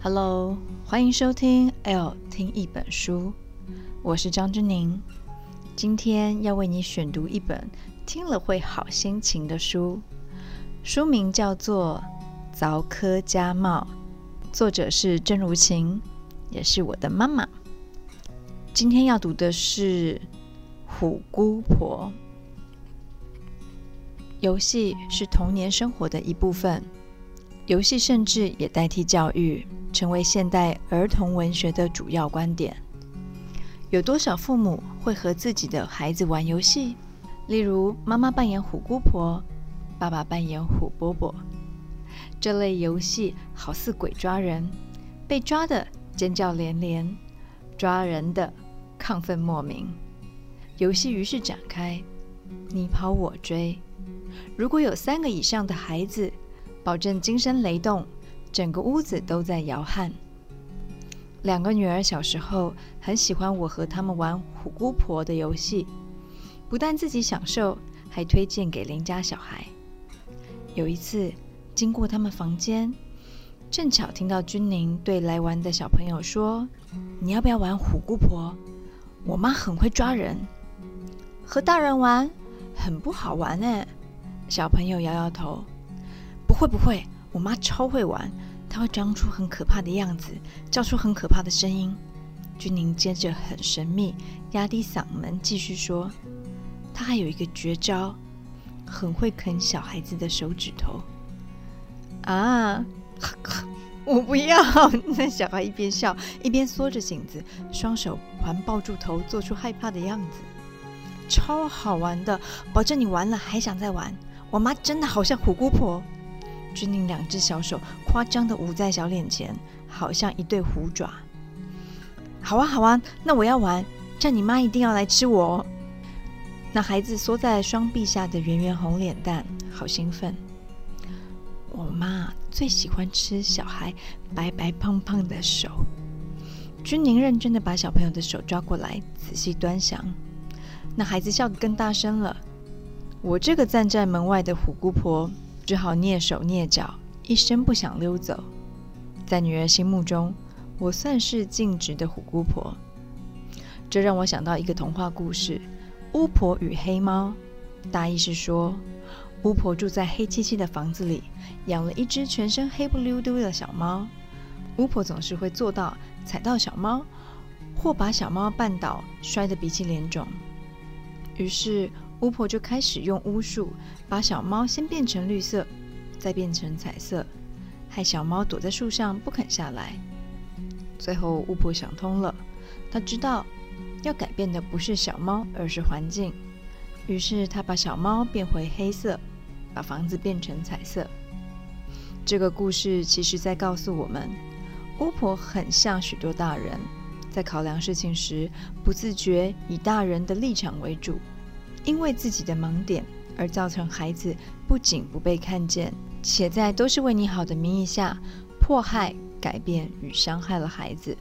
Hello，歡迎收聽《ELLE 聽一本書》，我是張鈞甯。今天要為你選讀一本聽了會好心情的書，書名叫做《鑿刻家貌》，作者是鄭如晴，也是我的媽媽。今天要讀的是《虎姑婆》。遊戲是童年生活的一部分，遊戲甚至也代替教育。成為現代兒童文學的主要觀點。有多少父母會和自己的孩子玩遊戲？例如，媽媽扮演虎姑婆，爸爸扮演虎伯伯。這類遊戲好似鬼抓人，被抓的尖叫連連，抓人的亢奮莫名。遊戲於是展開，你跑我追。如果有三個以上的孩子，保證精神雷動。整個屋子都在搖撼。兩個女兒小時候很喜歡我和他們玩虎姑婆的遊戲，不但自己享受，還推薦給鄰家小孩。有一次經過他們房間，正巧聽到鈞甯對來玩的小朋友說：“你要不要玩虎姑婆？我媽很會抓人，和大人玩很不好玩呢。”小朋友搖搖頭：“不會，不會。”我媽超會玩，她會裝出很可怕的樣子，叫出很可怕的聲音。鈞甯接着很神秘，壓低嗓門繼續說：“她還有一個絕招，很會啃小孩子的手指頭。”啊！我不要！那小孩一邊笑一邊縮着頸子，雙手環抱住頭，做出害怕的樣子。超好玩的，保證你玩了還想再玩。我媽真的好像虎姑婆。君寧兩隻小手誇張的捂在小臉前，好像一對虎爪。好啊，好啊，那我要玩，叫你媽一定要來吃我哦。那孩子縮在雙臂下的圓圓紅臉蛋，好興奮。我媽最喜歡吃小孩白白胖胖的手。君寧認真的把小朋友的手抓過來，仔細端詳。那孩子笑得更大聲了。我這個站在門外的虎姑婆，只好躡手躡腳，一聲不響溜走。在女兒心目中，我算是盡職的虎姑婆。這讓我想到一個童話故事《巫婆與黑貓》，大意是說，巫婆住在黑漆漆的房子裡，養了一隻全身黑不溜丟的小貓。巫婆總是會坐到踩到小貓，或把小貓絆倒，摔得鼻青臉腫。於是。巫婆就開始用巫術，把小貓先變成綠色，再變成彩色，害小貓躲在樹上不肯下來。最後，巫婆想通了，她知道要改變的不是小貓，而是環境。於是，她把小貓變回黑色，把房子變成彩色。這個故事其實在告訴我們，巫婆很像許多大人，在考量事情時，不自覺以大人的立場為主。因為自己的盲點而造成孩子不僅不被看見，且在都是為你好的名義下迫害、改變與傷害了孩子。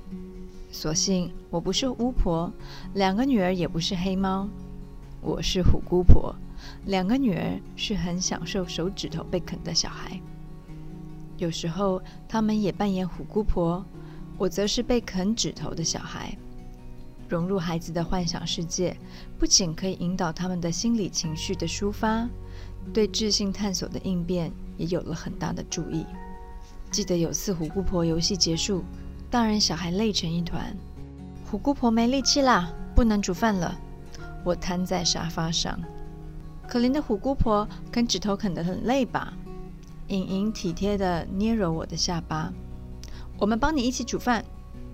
所幸我不是巫婆，兩個女兒也不是黑貓，我是虎姑婆，兩個女兒是很享受手指頭被啃的小孩。有時候他們也扮演虎姑婆，我則是被啃指頭的小孩。融入孩子的幻想世界，不僅可以引導他們的心理情緒的抒發，對智性探索的應變也有了很大的助益。記得有次虎姑婆遊戲結束，大人小孩累成一團，虎姑婆沒力氣啦，不能煮飯了。我癱在沙發上，可憐的虎姑婆啃指頭啃得很累吧？盈盈體貼地捏揉我的下巴，我們幫你一起煮飯。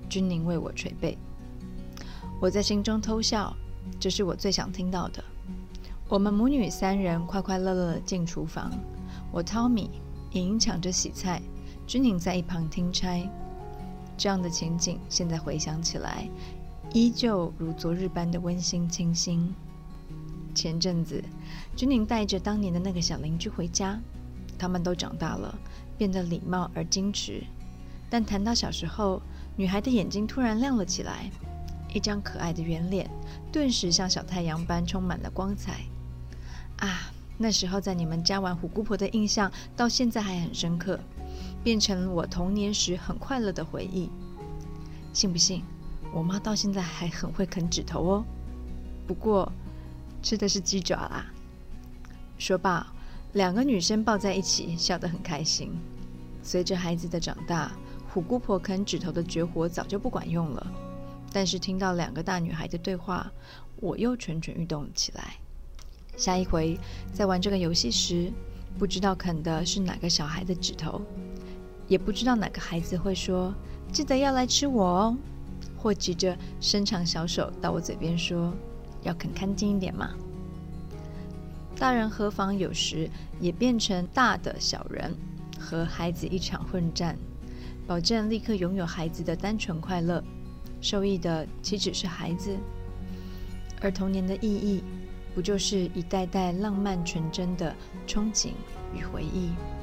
君寧為我捶背。我在心中偷笑，這是我最想聽到的。我們母女三人快快樂樂進廚房，我淘米，盈盈搶着洗菜，鈞甯在一旁聽差。這樣的情景，現在回想起來，依舊如昨日般的溫馨清新。前陣子，鈞甯帶着當年的那個小鄰居回家，他們都長大了，變得禮貌而矜持。但談到小時候，女孩的眼睛突然亮了起來。一張可愛的圓臉，頓時像小太陽般充滿了光彩。啊，那時候在你們家玩虎姑婆的印象，到現在還很深刻，變成我童年時很快樂的回憶。信不信？我媽到現在還很會啃指頭哦，不過吃的是雞爪啦。說罷，兩個女生抱在一起，笑得很開心。隨着孩子的長大，虎姑婆啃指頭的絕活早就不管用了。但是聽到兩個大女孩的對話，我又蠢蠢欲動起來。下一回在玩這個遊戲時，不知道啃的是哪個小孩的指頭，也不知道哪個孩子會說“記得要來吃我哦”，或急着伸長小手到我嘴邊說“要啃乾淨一點嘛”。大人何妨有時也變成大的小人，和孩子一場混戰，保證立刻擁有孩子的單純快樂。受益的豈止是孩子？而童年的意義，不就是一代代浪漫純真的憧憬與回憶？